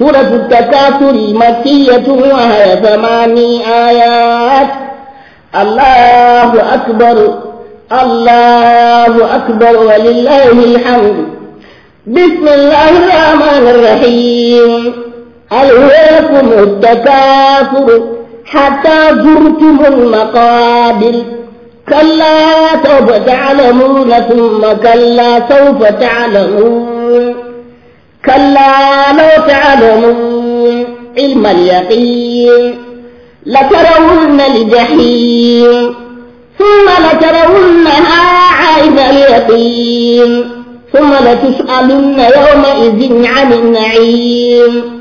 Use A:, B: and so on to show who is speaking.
A: سورة التكاثر مكية وهي ثماني آيات الله أكبر الله أكبر ولله الحمد بسم الله الرحمن الرحيم ألهيكم التكاثر حتى زرتم المقابر كلا سوف تعلمون ثم كلا سوف تعلمون كلا لو تعلمون علم اليقين لترون الجحيم ثم لترونها عين
B: اليقين ثم لتسألن يومئذ عن النعيم